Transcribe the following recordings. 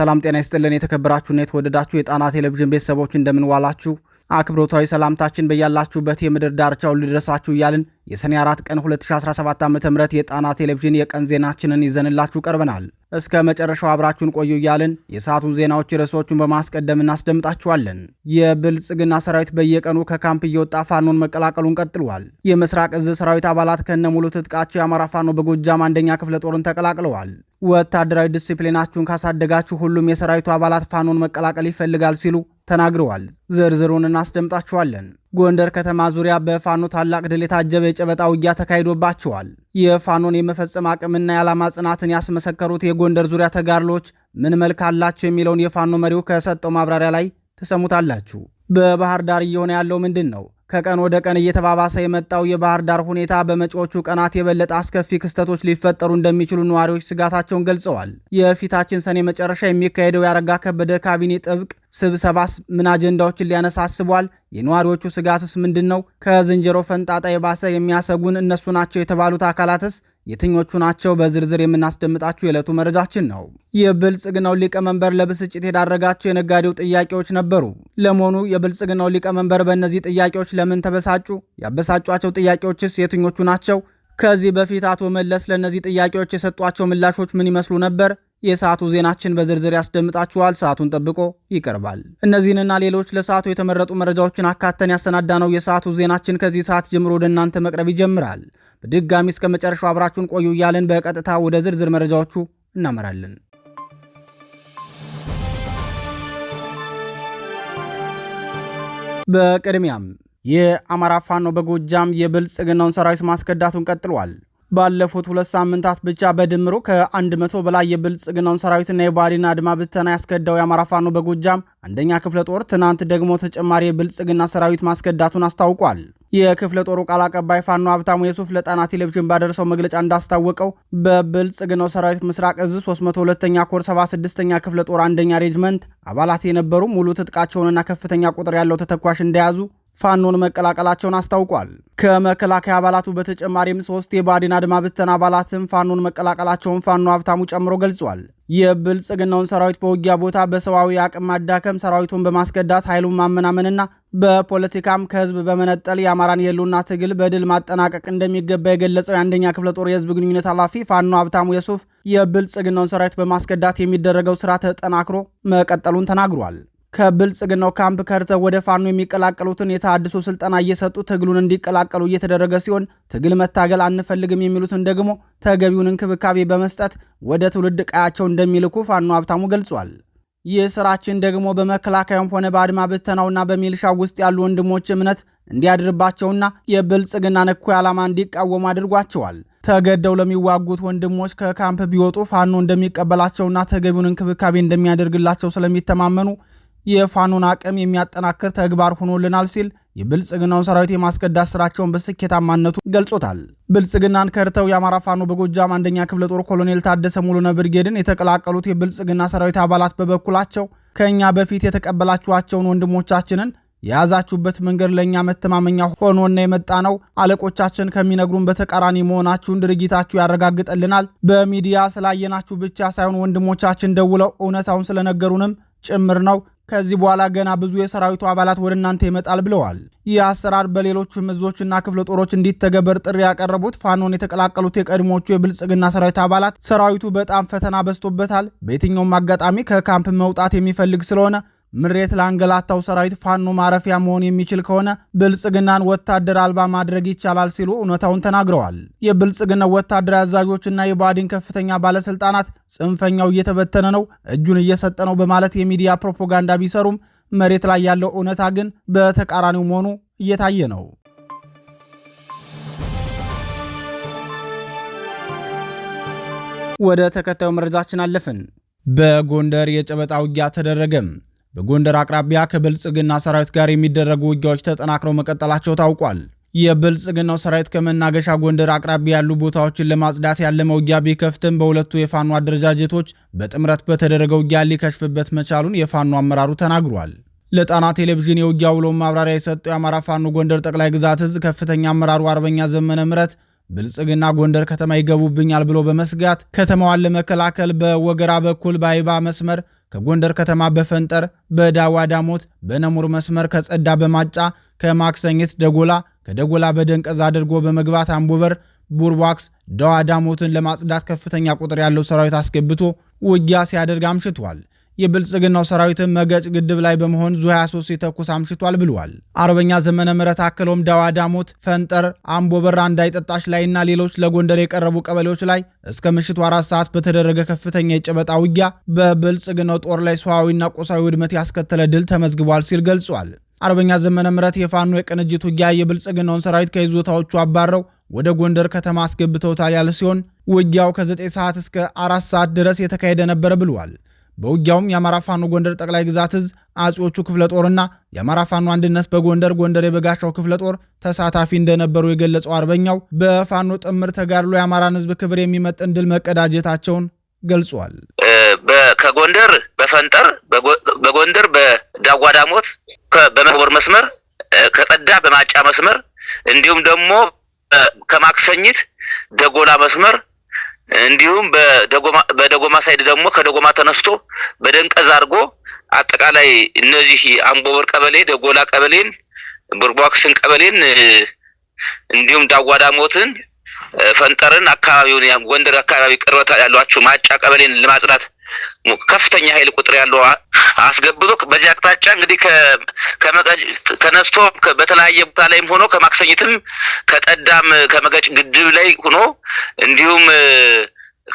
ሰላም ጤና ይስጥልን። የተከበራችሁና የተወደዳችሁ የጣና ቴሌቪዥን ቤተሰቦች እንደምንዋላችሁ አክብሮታዊ ሰላምታችን በያላችሁበት የምድር ዳርቻው ልድረሳችሁ እያልን የሰኔ 4 ቀን 2017 ዓ ም የጣና ቴሌቪዥን የቀን ዜናችንን ይዘንላችሁ ቀርበናል። እስከ መጨረሻው አብራችሁን ቆዩ እያልን የሰዓቱን ዜናዎች ርዕሶቹን በማስቀደም እናስደምጣችኋለን። የብልጽግና ሰራዊት በየቀኑ ከካምፕ እየወጣ ፋኖን መቀላቀሉን ቀጥሏል። የምስራቅ እዝ ሰራዊት አባላት ከነ ሙሉ ትጥቃቸው የአማራ ፋኖ በጎጃም አንደኛ ክፍለ ጦርን ተቀላቅለዋል። ወታደራዊ ዲስፕሊናችሁን ካሳደጋችሁ ሁሉም የሰራዊቱ አባላት ፋኖን መቀላቀል ይፈልጋል ሲሉ ተናግረዋል። ዝርዝሩን እናስደምጣችኋለን። ጎንደር ከተማ ዙሪያ በፋኖ ታላቅ ድል የታጀበ የጨበጣ ውጊያ ተካሂዶባቸዋል። የፋኖን የመፈጸም አቅምና የዓላማ ጽናትን ያስመሰከሩት የጎንደር ዙሪያ ተጋድሎች ምን መልክ አላቸው የሚለውን የፋኖ መሪው ከሰጠው ማብራሪያ ላይ ትሰሙታላችሁ። በባህር ዳር እየሆነ ያለው ምንድን ነው? ከቀን ወደ ቀን እየተባባሰ የመጣው የባህር ዳር ሁኔታ በመጪዎቹ ቀናት የበለጠ አስከፊ ክስተቶች ሊፈጠሩ እንደሚችሉ ነዋሪዎች ስጋታቸውን ገልጸዋል። የፊታችን ሰኔ መጨረሻ የሚካሄደው ያረጋ ከበደ ካቢኔ ጥብቅ ስብሰባስ ምን አጀንዳዎችን ሊያነሳ አስቧል? የነዋሪዎቹ ስጋትስ ምንድን ነው? ከዝንጀሮ ፈንጣጣ የባሰ የሚያሰጉን እነሱ ናቸው የተባሉት አካላትስ የትኞቹ ናቸው? በዝርዝር የምናስደምጣችሁ የዕለቱ መረጃችን ነው። የብልጽግናው ሊቀመንበር ለብስጭት የዳረጋቸው የነጋዴው ጥያቄዎች ነበሩ። ለመሆኑ የብልጽግናው ሊቀመንበር በእነዚህ ጥያቄዎች ለምን ተበሳጩ? ያበሳጯቸው ጥያቄዎችስ የትኞቹ ናቸው? ከዚህ በፊት አቶ መለስ ለእነዚህ ጥያቄዎች የሰጧቸው ምላሾች ምን ይመስሉ ነበር? የሰዓቱ ዜናችን በዝርዝር ያስደምጣችኋል። ሰዓቱን ጠብቆ ይቀርባል። እነዚህንና ሌሎች ለሰዓቱ የተመረጡ መረጃዎችን አካተን ነው የሰዓቱ ዜናችን ከዚህ ሰዓት ጀምሮ ወደ እናንተ መቅረብ ይጀምራል። በድጋሚ እስከ መጨረሻው አብራችሁን ቆዩ እያልን በቀጥታ ወደ ዝርዝር መረጃዎቹ እናመራለን። በቅድሚያም የአማራ ፋኖ በጎጃም የብልጽግናውን ሰራዊት ማስከዳቱን ቀጥሏል። ባለፉት ሁለት ሳምንታት ብቻ በድምሩ ከ100 በላይ የብልጽግናውን ሰራዊትና የባዲን አድማ ብተና ያስከዳው የአማራ ፋኖ በጎጃም አንደኛ ክፍለ ጦር ትናንት ደግሞ ተጨማሪ የብልጽግና ሰራዊት ማስከዳቱን አስታውቋል። የክፍለ ጦሩ ቃል አቀባይ ፋኖ ሀብታሙ የሱፍ ለጣና ቴሌቪዥን ባደረሰው መግለጫ እንዳስታወቀው በብልጽግናው ሰራዊት ምስራቅ እዝ 302ኛ ኮር 76ኛ ክፍለ ጦር አንደኛ ሬጅመንት አባላት የነበሩ ሙሉ ትጥቃቸውንና ከፍተኛ ቁጥር ያለው ተተኳሽ እንደያዙ ፋኖን መቀላቀላቸውን አስታውቋል። ከመከላከያ አባላቱ በተጨማሪም ሶስት የባዴን አድማ ብተን አባላትም ፋኖን መቀላቀላቸውን ፋኖ ሀብታሙ ጨምሮ ገልጿል። የብልጽግናውን ሰራዊት በውጊያ ቦታ በሰብአዊ አቅም ማዳከም፣ ሰራዊቱን በማስገዳት ኃይሉን ማመናመንና በፖለቲካም ከህዝብ በመነጠል የአማራን የህልውና ትግል በድል ማጠናቀቅ እንደሚገባ የገለጸው የአንደኛ ክፍለ ጦር የህዝብ ግንኙነት ኃላፊ ፋኖ ሀብታሙ የሱፍ የብልጽግናውን ሰራዊት በማስገዳት የሚደረገው ስራ ተጠናክሮ መቀጠሉን ተናግሯል። ከብልጽግናው ካምፕ ከርተው ወደ ፋኖ የሚቀላቀሉትን የታድሶ ስልጠና እየሰጡ ትግሉን እንዲቀላቀሉ እየተደረገ ሲሆን ትግል መታገል አንፈልግም የሚሉትን ደግሞ ተገቢውን እንክብካቤ በመስጠት ወደ ትውልድ ቀያቸው እንደሚልኩ ፋኖ ሀብታሙ ገልጿል። ይህ ስራችን ደግሞ በመከላከያም ሆነ በአድማ ብተናውና በሚልሻ ውስጥ ያሉ ወንድሞች እምነት እንዲያድርባቸውና የብልጽግና ነኩ ዓላማ እንዲቃወሙ አድርጓቸዋል። ተገደው ለሚዋጉት ወንድሞች ከካምፕ ቢወጡ ፋኖ እንደሚቀበላቸውና ተገቢውን እንክብካቤ እንደሚያደርግላቸው ስለሚተማመኑ የፋኖን አቅም የሚያጠናክር ተግባር ሆኖልናል ሲል የብልጽግናውን ሰራዊት የማስገዳት ስራቸውን በስኬታማነቱ ገልጾታል። ብልጽግናን ከርተው የአማራ ፋኖ በጎጃም አንደኛ ክፍለ ጦር ኮሎኔል ታደሰ ሙሉነ ብርጌድን የተቀላቀሉት የብልጽግና ሰራዊት አባላት በበኩላቸው ከእኛ በፊት የተቀበላችኋቸውን ወንድሞቻችንን የያዛችሁበት መንገድ ለእኛ መተማመኛ ሆኖና የመጣ ነው። አለቆቻችን ከሚነግሩን በተቃራኒ መሆናችሁን ድርጊታችሁ ያረጋግጠልናል። በሚዲያ ስላየናችሁ ብቻ ሳይሆን ወንድሞቻችን ደውለው እውነታውን ስለነገሩንም ጭምር ነው። ከዚህ በኋላ ገና ብዙ የሰራዊቱ አባላት ወደ እናንተ ይመጣል ብለዋል። ይህ አሰራር በሌሎች ምዞችና ክፍለ ጦሮች እንዲተገበር ጥሪ ያቀረቡት ፋኖን የተቀላቀሉት የቀድሞቹ የብልጽግና ሰራዊት አባላት ሰራዊቱ በጣም ፈተና በዝቶበታል፣ በየትኛውም አጋጣሚ ከካምፕ መውጣት የሚፈልግ ስለሆነ ምሬት ላንገላታው ሰራዊት ፋኖ ማረፊያ መሆን የሚችል ከሆነ ብልጽግናን ወታደር አልባ ማድረግ ይቻላል ሲሉ እውነታውን ተናግረዋል። የብልጽግናው ወታደር አዛዦችና የባዲን ከፍተኛ ባለስልጣናት ጽንፈኛው እየተበተነ ነው፣ እጁን እየሰጠ ነው በማለት የሚዲያ ፕሮፓጋንዳ ቢሰሩም መሬት ላይ ያለው እውነታ ግን በተቃራኒው መሆኑ እየታየ ነው። ወደ ተከታዩ መረጃችን አለፍን። በጎንደር የጨበጣ ውጊያ ተደረገም። በጎንደር አቅራቢያ ከብልጽግና ሰራዊት ጋር የሚደረጉ ውጊያዎች ተጠናክረው መቀጠላቸው ታውቋል። የብልጽግናው ሰራዊት ከመናገሻ ጎንደር አቅራቢያ ያሉ ቦታዎችን ለማጽዳት ያለመ ውጊያ ቢከፍትም በሁለቱ የፋኖ አደረጃጀቶች በጥምረት በተደረገ ውጊያ ሊከሽፍበት መቻሉን የፋኖ አመራሩ ተናግሯል። ለጣና ቴሌቪዥን የውጊያ ውሎ ማብራሪያ የሰጠው የአማራ ፋኖ ጎንደር ጠቅላይ ግዛት እዝ ከፍተኛ አመራሩ አርበኛ ዘመነ ምረት ብልጽግና ጎንደር ከተማ ይገቡብኛል ብሎ በመስጋት ከተማዋን ለመከላከል በወገራ በኩል በአይባ መስመር ከጎንደር ከተማ በፈንጠር በዳዋ ዳሞት በነሙር መስመር ከጸዳ በማጫ ከማክሰኝት ደጎላ ከደጎላ በደንቀዝ አድርጎ በመግባት አምቦበር ቡርቧክስ ዳዋ ዳሞትን ለማጽዳት ከፍተኛ ቁጥር ያለው ሰራዊት አስገብቶ ውጊያ ሲያደርግ አምሽቷል። የብልጽግናው ሰራዊት መገጭ ግድብ ላይ በመሆን ዙ 23 የተኩስ አምሽቷል ብለዋል። አርበኛ ዘመነ ምረት አክለውም ዳዋ ዳሞት፣ ፈንጠር፣ አምቦ በራ፣ እንዳይጠጣሽ ላይና ሌሎች ለጎንደር የቀረቡ ቀበሌዎች ላይ እስከ ምሽቱ አራት ሰዓት በተደረገ ከፍተኛ የጨበጣ ውጊያ በብልጽግናው ጦር ላይ ሰዋዊና ቁሳዊ ውድመት ያስከተለ ድል ተመዝግቧል ሲል ገልጿል። አርበኛ ዘመነ ምረት የፋኖ የቅንጅት ውጊያ የብልጽግናውን ሰራዊት ከይዞታዎቹ አባረው ወደ ጎንደር ከተማ አስገብተውታል ያለ ሲሆን ውጊያው ከ9 ሰዓት እስከ አራት ሰዓት ድረስ የተካሄደ ነበረ ብሏል። በውጊያውም የአማራ ፋኖ ጎንደር ጠቅላይ ግዛት እዝ አጼዎቹ ክፍለ ጦርና የአማራ ፋኖ አንድነት በጎንደር ጎንደር የበጋሻው ክፍለ ጦር ተሳታፊ እንደነበሩ የገለጸው አርበኛው በፋኖ ጥምር ተጋድሎ የአማራን ህዝብ ክብር የሚመጥን ድል መቀዳጀታቸውን ገልጿል። ከጎንደር በፈንጠር በጎንደር በዳጓዳሞት በመቦር መስመር ከጠዳ በማጫ መስመር እንዲሁም ደግሞ ከማክሰኝት ደጎላ መስመር እንዲሁም በደጎማ ሳይድ ደግሞ ከደጎማ ተነስቶ በደንቀዝ አድርጎ አጠቃላይ እነዚህ አምቦበር ቀበሌ፣ ደጎላ ቀበሌን፣ ቦርቧክስን ቀበሌን እንዲሁም ሞትን ፈንጠርን አካባቢውን ጎንደር አካባቢ ቅርበት ያሏቸው ማጫ ቀበሌን ለማጽዳት ከፍተኛ ኃይል ቁጥር ያለው አስገብቶ በዚህ አቅጣጫ እንግዲህ ተነስቶ በተለያየ ቦታ ላይም ሆኖ ከማክሰኝትም ከጠዳም ከመገጭ ግድብ ላይ ሆኖ እንዲሁም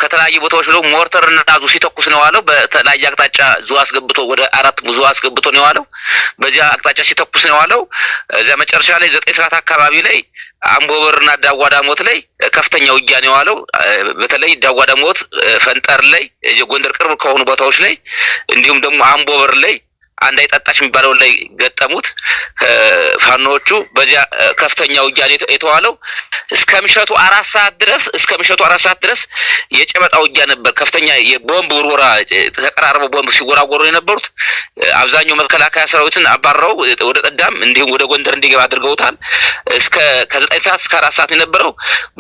ከተለያዩ ቦታዎች ሞርተር እና ዙ ሲተኩስ ነው የዋለው። በተለያየ አቅጣጫ ዙ አስገብቶ ወደ አራት ዙ አስገብቶ ነው የዋለው። በዚያ አቅጣጫ ሲተኩስ ነው የዋለው። እዚያ መጨረሻ ላይ ዘጠኝ ሰዓት አካባቢ ላይ አምቦበር እና ዳዋ ዳሞት ላይ ከፍተኛ ውጊያ ነው የዋለው። በተለይ ዳዋ ዳሞት ፈንጠር ላይ ጎንደር ቅርብ ከሆኑ ቦታዎች ላይ እንዲሁም ደግሞ አምቦበር ላይ አንድ አይጠጣሽ የሚባለውን ላይ ገጠሙት ፋኖዎቹ። በዚያ ከፍተኛ ውጊያ የተዋለው እስከ ምሸቱ አራት ሰዓት ድረስ እስከ ምሸቱ አራት ሰዓት ድረስ የጨበጣ ውጊያ ነበር። ከፍተኛ የቦምብ ውርወራ ተቀራርበው ቦምብ ሲወራወሩ የነበሩት አብዛኛው መከላከያ ሰራዊትን አባረው ወደ ጠዳም እንዲሁም ወደ ጎንደር እንዲገባ አድርገውታል። እስከ ከዘጠኝ ሰዓት እስከ አራት ሰዓት የነበረው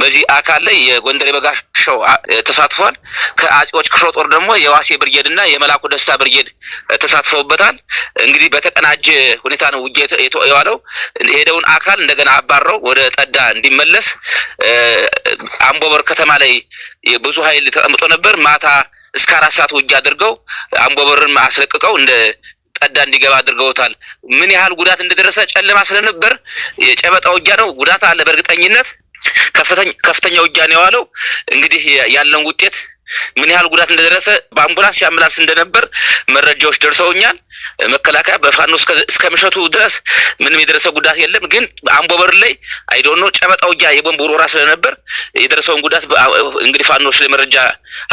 በዚህ አካል ላይ የጎንደር የበጋሽ ሸው ተሳትፏል። ከአጼዎች ክፍለ ጦር ደግሞ የዋሴ ብርጌድ እና የመላኩ ደስታ ብርጌድ ተሳትፈውበታል። እንግዲህ በተቀናጀ ሁኔታ ነው ውጊያ የዋለው። የሄደውን አካል እንደገና አባረው ወደ ጠዳ እንዲመለስ አምቦበር ከተማ ላይ ብዙ ኃይል ተቀምጦ ነበር። ማታ እስከ አራት ሰዓት ውጊያ አድርገው አምቦበርን አስለቅቀው እንደ ጠዳ እንዲገባ አድርገውታል። ምን ያህል ጉዳት እንደደረሰ ጨለማ ስለነበር የጨበጣ ውጊያ ነው። ጉዳት አለ በእርግጠኝነት ከፍተኛ ውጊያ ነው የዋለው። እንግዲህ ያለን ውጤት ምን ያህል ጉዳት እንደደረሰ በአምቡላንስ የአምቡላንስ እንደነበር መረጃዎች ደርሰውኛል። መከላከያ በፋኖ እስከ ምሸቱ ድረስ ምንም የደረሰ ጉዳት የለም። ግን አምቦ በር ላይ አይዶኖ ጨበጣ ውጊያ የቦምብ ውርወራ ስለነበር የደረሰውን ጉዳት እንግዲህ ፋኖች ላይ መረጃ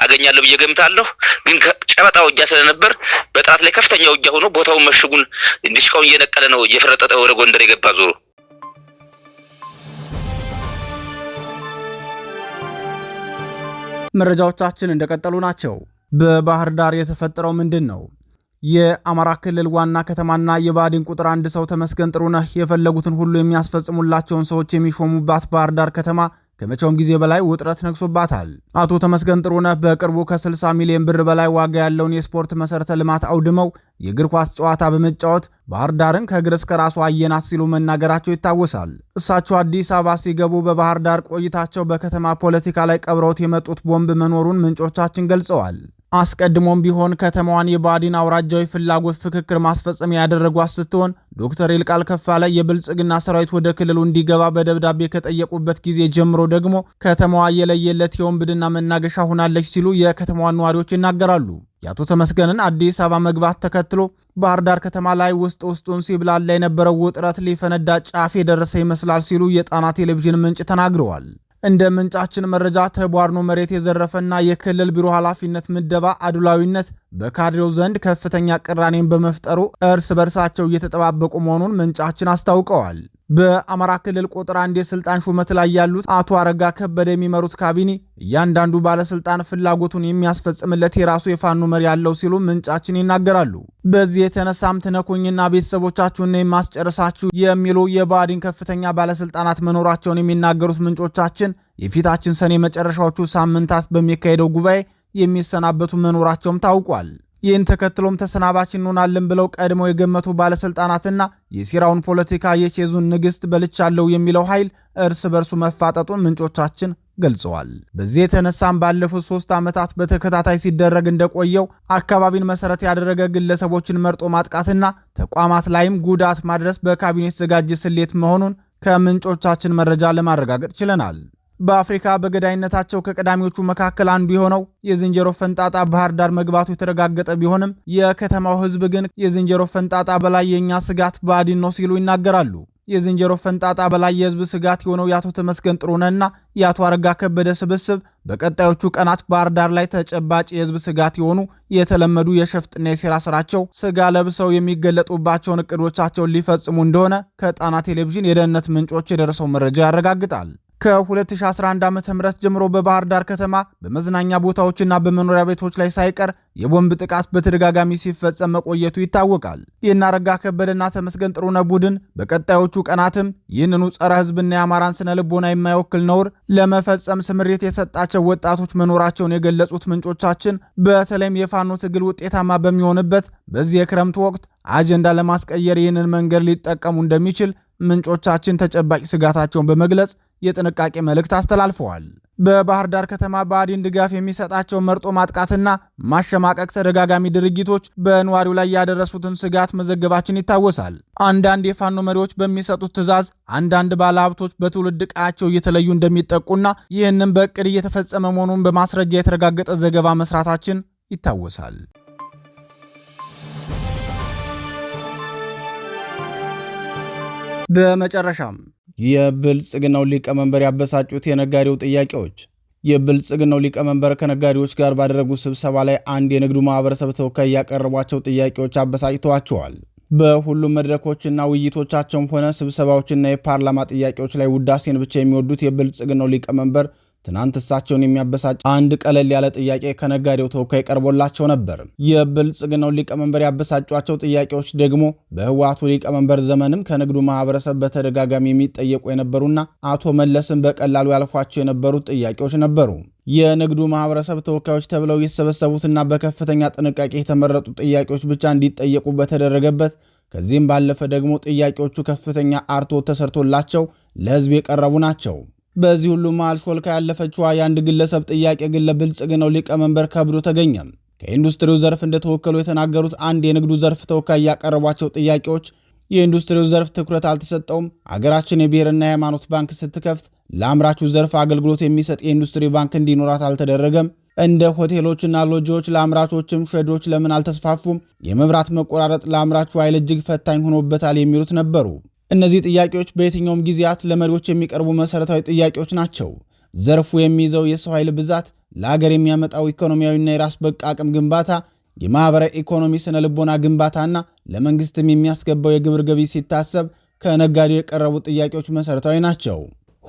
አገኛለሁ ብዬ ገምታለሁ። ግን ጨበጣ ውጊያ ስለነበር በጠላት ላይ ከፍተኛ ውጊያ ሆኖ ቦታውን መሽጉን ዲሽቃውን እየነቀለ ነው እየፈረጠጠ ወደ ጎንደር የገባ ዞሮ መረጃዎቻችን እንደቀጠሉ ናቸው። በባህር ዳር የተፈጠረው ምንድን ነው? የአማራ ክልል ዋና ከተማና የባዲን ቁጥር አንድ ሰው ተመስገን ጥሩነህ የፈለጉትን ሁሉ የሚያስፈጽሙላቸውን ሰዎች የሚሾሙባት ባህር ዳር ከተማ ከመቼውም ጊዜ በላይ ውጥረት ነግሶባታል። አቶ ተመስገን ጥሩነህ በቅርቡ ከ60 ሚሊዮን ብር በላይ ዋጋ ያለውን የስፖርት መሰረተ ልማት አውድመው የእግር ኳስ ጨዋታ በመጫወት ባህር ዳርን ከእግር እስከ ራሱ አየናት ሲሉ መናገራቸው ይታወሳል። እሳቸው አዲስ አበባ ሲገቡ በባህር ዳር ቆይታቸው በከተማ ፖለቲካ ላይ ቀብረውት የመጡት ቦምብ መኖሩን ምንጮቻችን ገልጸዋል። አስቀድሞም ቢሆን ከተማዋን የባዲን አውራጃዊ ፍላጎት ፍክክር ማስፈጸሚያ ያደረጓት ስትሆን ዶክተር ይልቃል ከፋለ የብልጽግና ሰራዊት ወደ ክልሉ እንዲገባ በደብዳቤ ከጠየቁበት ጊዜ ጀምሮ ደግሞ ከተማዋ የለየለት የወንብድና መናገሻ ሆናለች ሲሉ የከተማዋን ነዋሪዎች ይናገራሉ። የአቶ ተመስገንን አዲስ አበባ መግባት ተከትሎ ባህር ዳር ከተማ ላይ ውስጥ ውስጡን ሲብላላ የነበረው ውጥረት ሊፈነዳ ጫፍ የደረሰ ይመስላል ሲሉ የጣና ቴሌቪዥን ምንጭ ተናግረዋል። እንደ ምንጫችን መረጃ ተቧርኖ መሬት የዘረፈና የክልል ቢሮ ኃላፊነት ምደባ አድላዊነት በካድሬው ዘንድ ከፍተኛ ቅራኔን በመፍጠሩ እርስ በርሳቸው እየተጠባበቁ መሆኑን ምንጫችን አስታውቀዋል። በአማራ ክልል ቁጥር አንድ የስልጣን ሹመት ላይ ያሉት አቶ አረጋ ከበደ የሚመሩት ካቢኔ እያንዳንዱ ባለስልጣን ፍላጎቱን የሚያስፈጽምለት የራሱ የፋኖ መሪ ያለው ሲሉ ምንጫችን ይናገራሉ። በዚህ የተነሳም ትነኩኝና ቤተሰቦቻችሁን የማስጨርሳችሁ የሚሉ የባዕዲን ከፍተኛ ባለስልጣናት መኖራቸውን የሚናገሩት ምንጮቻችን የፊታችን ሰኔ መጨረሻዎቹ ሳምንታት በሚካሄደው ጉባኤ የሚሰናበቱ መኖራቸውም ታውቋል። ይህን ተከትሎም ተሰናባች እንሆናለን ብለው ቀድሞ የገመቱ ባለስልጣናትና የሴራውን ፖለቲካ የቼዙን ንግሥት በልቻለው የሚለው ኃይል እርስ በርሱ መፋጠጡን ምንጮቻችን ገልጸዋል። በዚህ የተነሳም ባለፉት ሶስት ዓመታት በተከታታይ ሲደረግ እንደቆየው አካባቢን መሰረት ያደረገ ግለሰቦችን መርጦ ማጥቃትና ተቋማት ላይም ጉዳት ማድረስ በካቢኔ የተዘጋጀ ስሌት መሆኑን ከምንጮቻችን መረጃ ለማረጋገጥ ችለናል። በአፍሪካ በገዳይነታቸው ከቀዳሚዎቹ መካከል አንዱ የሆነው የዝንጀሮ ፈንጣጣ ባህር ዳር መግባቱ የተረጋገጠ ቢሆንም የከተማው ህዝብ ግን የዝንጀሮ ፈንጣጣ በላይ የእኛ ስጋት ብአዴን ነው ሲሉ ይናገራሉ። የዝንጀሮ ፈንጣጣ በላይ የህዝብ ስጋት የሆነው የአቶ ተመስገን ጥሩነና የአቶ አረጋ ከበደ ስብስብ በቀጣዮቹ ቀናት ባህር ዳር ላይ ተጨባጭ የህዝብ ስጋት የሆኑ የተለመዱ የሸፍጥና የሴራ ስራቸው ስጋ ለብሰው የሚገለጡባቸውን እቅዶቻቸውን ሊፈጽሙ እንደሆነ ከጣና ቴሌቪዥን የደህንነት ምንጮች የደረሰው መረጃ ያረጋግጣል። ከ2011 ዓ ም ጀምሮ በባህር ዳር ከተማ በመዝናኛ ቦታዎችና በመኖሪያ ቤቶች ላይ ሳይቀር የቦምብ ጥቃት በተደጋጋሚ ሲፈጸም መቆየቱ ይታወቃል። የናረጋ ከበደና ተመስገን ጥሩነ ቡድን በቀጣዮቹ ቀናትም ይህንኑ ጸረ ሕዝብና የአማራን ስነ ልቦና የማይወክል ነውር ለመፈጸም ስምሪት የሰጣቸው ወጣቶች መኖራቸውን የገለጹት ምንጮቻችን በተለይም የፋኖ ትግል ውጤታማ በሚሆንበት በዚህ የክረምቱ ወቅት አጀንዳ ለማስቀየር ይህንን መንገድ ሊጠቀሙ እንደሚችል ምንጮቻችን ተጨባጭ ስጋታቸውን በመግለጽ የጥንቃቄ መልእክት አስተላልፈዋል። በባህር ዳር ከተማ ብአዴን ድጋፍ የሚሰጣቸው መርጦ ማጥቃትና ማሸማቀቅ ተደጋጋሚ ድርጊቶች በነዋሪው ላይ ያደረሱትን ስጋት መዘገባችን ይታወሳል። አንዳንድ የፋኖ መሪዎች በሚሰጡት ትዕዛዝ አንዳንድ ባለሀብቶች በትውልድ ቀያቸው እየተለዩ እንደሚጠቁና ይህንም በእቅድ እየተፈጸመ መሆኑን በማስረጃ የተረጋገጠ ዘገባ መስራታችን ይታወሳል። በመጨረሻም የብልጽግናው ሊቀመንበር ያበሳጩት የነጋዴው ጥያቄዎች የብልጽግናው ሊቀመንበር ከነጋዴዎች ጋር ባደረጉት ስብሰባ ላይ አንድ የንግዱ ማህበረሰብ ተወካይ ያቀረቧቸው ጥያቄዎች አበሳጭተዋቸዋል። በሁሉም መድረኮችና ውይይቶቻቸውም ሆነ ስብሰባዎችና የፓርላማ ጥያቄዎች ላይ ውዳሴን ብቻ የሚወዱት የብልጽግናው ሊቀመንበር ትናንት እሳቸውን የሚያበሳጭ አንድ ቀለል ያለ ጥያቄ ከነጋዴው ተወካይ ቀርቦላቸው ነበር። የብልጽግናው ሊቀመንበር ያበሳጯቸው ጥያቄዎች ደግሞ በህወሓቱ ሊቀመንበር ዘመንም ከንግዱ ማህበረሰብ በተደጋጋሚ የሚጠየቁ የነበሩና አቶ መለስን በቀላሉ ያልፏቸው የነበሩት ጥያቄዎች ነበሩ። የንግዱ ማህበረሰብ ተወካዮች ተብለው የተሰበሰቡትና በከፍተኛ ጥንቃቄ የተመረጡ ጥያቄዎች ብቻ እንዲጠየቁ በተደረገበት ከዚህም ባለፈ ደግሞ ጥያቄዎቹ ከፍተኛ አርቶ ተሰርቶላቸው ለህዝብ የቀረቡ ናቸው። በዚህ ሁሉ መሃል ሾልካ ያለፈችዋ የአንድ ግለሰብ ጥያቄ ግን ለብልጽግናው ሊቀመንበር ከብዶ ተገኘ። ከኢንዱስትሪው ዘርፍ እንደተወከሉ የተናገሩት አንድ የንግዱ ዘርፍ ተወካይ ያቀረቧቸው ጥያቄዎች የኢንዱስትሪው ዘርፍ ትኩረት አልተሰጠውም፣ አገራችን የብሔርና የሃይማኖት ባንክ ስትከፍት ለአምራቹ ዘርፍ አገልግሎት የሚሰጥ የኢንዱስትሪ ባንክ እንዲኖራት አልተደረገም፣ እንደ ሆቴሎችና ሎጂዎች ለአምራቾችም ሸዶች ለምን አልተስፋፉም፣ የመብራት መቆራረጥ ለአምራቹ ኃይል እጅግ ፈታኝ ሆኖበታል የሚሉት ነበሩ። እነዚህ ጥያቄዎች በየትኛውም ጊዜያት ለመሪዎች የሚቀርቡ መሠረታዊ ጥያቄዎች ናቸው። ዘርፉ የሚይዘው የሰው ኃይል ብዛት፣ ለአገር የሚያመጣው ኢኮኖሚያዊና የራስ በቅ አቅም ግንባታ፣ የማኅበራዊ ኢኮኖሚ ስነ ልቦና ግንባታና ለመንግስትም የሚያስገባው የግብር ገቢ ሲታሰብ ከነጋዴው የቀረቡ ጥያቄዎች መሠረታዊ ናቸው።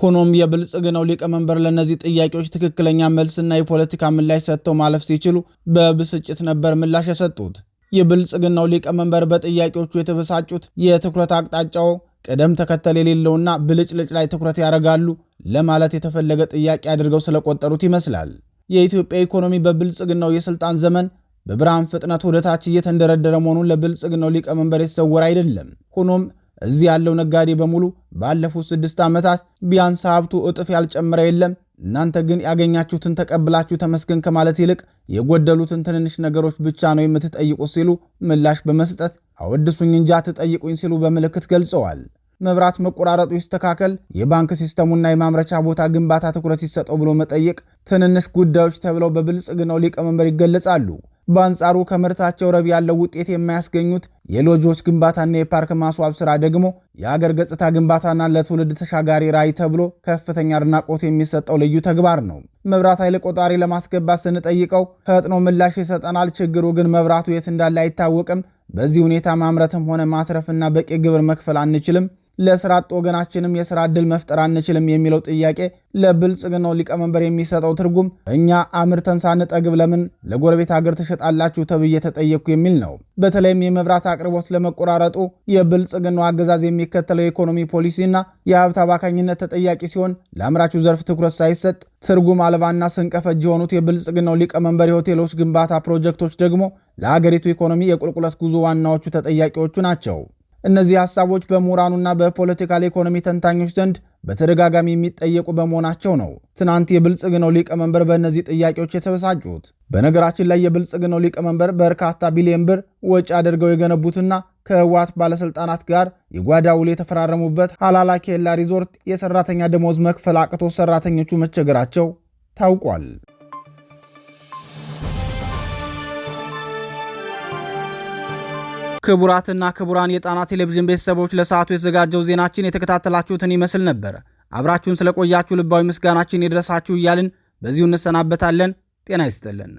ሆኖም የብልጽግናው ሊቀመንበር ለእነዚህ ጥያቄዎች ትክክለኛ መልስና የፖለቲካ ምላሽ ሰጥተው ማለፍ ሲችሉ በብስጭት ነበር ምላሽ የሰጡት። የብልጽግናው ሊቀመንበር በጥያቄዎቹ የተበሳጩት የትኩረት አቅጣጫው ቅደም ተከተል የሌለውና ብልጭልጭ ላይ ትኩረት ያደርጋሉ ለማለት የተፈለገ ጥያቄ አድርገው ስለቆጠሩት ይመስላል። የኢትዮጵያ ኢኮኖሚ በብልጽግናው የስልጣን ዘመን በብርሃን ፍጥነት ወደታች እየተንደረደረ መሆኑን ለብልጽግናው ሊቀመንበር የተሰወረ አይደለም። ሆኖም እዚህ ያለው ነጋዴ በሙሉ ባለፉት ስድስት ዓመታት ቢያንስ ሀብቱ እጥፍ ያልጨመረ የለም እናንተ ግን ያገኛችሁትን ተቀብላችሁ ተመስገን ከማለት ይልቅ የጎደሉትን ትንንሽ ነገሮች ብቻ ነው የምትጠይቁት ሲሉ ምላሽ በመስጠት አወድሱኝ እንጂ አትጠይቁኝ ሲሉ በምልክት ገልጸዋል። መብራት መቆራረጡ ይስተካከል፣ የባንክ ሲስተሙና የማምረቻ ቦታ ግንባታ ትኩረት ይሰጠው ብሎ መጠየቅ ትንንሽ ጉዳዮች ተብለው በብልጽግናው ሊቀመንበር ይገለጻሉ። በአንጻሩ ከምርታቸው ረብ ያለው ውጤት የማያስገኙት የሎጆች ግንባታና የፓርክ ማስዋብ ስራ ደግሞ የአገር ገጽታ ግንባታና ለትውልድ ተሻጋሪ ራዕይ ተብሎ ከፍተኛ አድናቆት የሚሰጠው ልዩ ተግባር ነው። መብራት ኃይል ቆጣሪ ለማስገባት ስንጠይቀው ፈጥኖ ምላሽ ይሰጠናል። ችግሩ ግን መብራቱ የት እንዳለ አይታወቅም። በዚህ ሁኔታ ማምረትም ሆነ ማትረፍና በቂ ግብር መክፈል አንችልም። ለስራ አጥ ወገናችንም የስራ እድል መፍጠር አንችልም የሚለው ጥያቄ ለብልጽግናው ሊቀመንበር የሚሰጠው ትርጉም እኛ አምርተን ሳንጠግብ ለምን ለጎረቤት ሀገር ትሸጣላችሁ ተብዬ ተጠየቅኩ የሚል ነው። በተለይም የመብራት አቅርቦት ለመቆራረጡ የብልጽግናው አገዛዝ የሚከተለው የኢኮኖሚ ፖሊሲና የሀብት አባካኝነት ተጠያቂ ሲሆን ለአምራቹ ዘርፍ ትኩረት ሳይሰጥ ትርጉም አልባና ስንቀፈጅ የሆኑት የብልጽግናው ሊቀመንበር የሆቴሎች ግንባታ ፕሮጀክቶች ደግሞ ለአገሪቱ ኢኮኖሚ የቁልቁለት ጉዞ ዋናዎቹ ተጠያቂዎቹ ናቸው። እነዚህ ሀሳቦች በምሁራኑና በፖለቲካል ኢኮኖሚ ተንታኞች ዘንድ በተደጋጋሚ የሚጠየቁ በመሆናቸው ነው ትናንት የብልጽግናው ሊቀመንበር በእነዚህ ጥያቄዎች የተበሳጩት። በነገራችን ላይ የብልጽግናው ሊቀመንበር በርካታ ቢሊዮን ብር ወጪ አድርገው የገነቡትና ከህወሓት ባለስልጣናት ጋር የጓዳ ውል የተፈራረሙበት ሃላላ ኬላ ሪዞርት የሰራተኛ ደሞዝ መክፈል አቅቶ ሰራተኞቹ መቸገራቸው ታውቋል። ክቡራትና ክቡራን የጣና ቴሌቪዥን ቤተሰቦች ለሰዓቱ የተዘጋጀው ዜናችን የተከታተላችሁትን ይመስል ነበር። አብራችሁን ስለቆያችሁ ልባዊ ምስጋናችን ይድረሳችሁ እያልን በዚሁ እንሰናበታለን። ጤና ይስጥልን።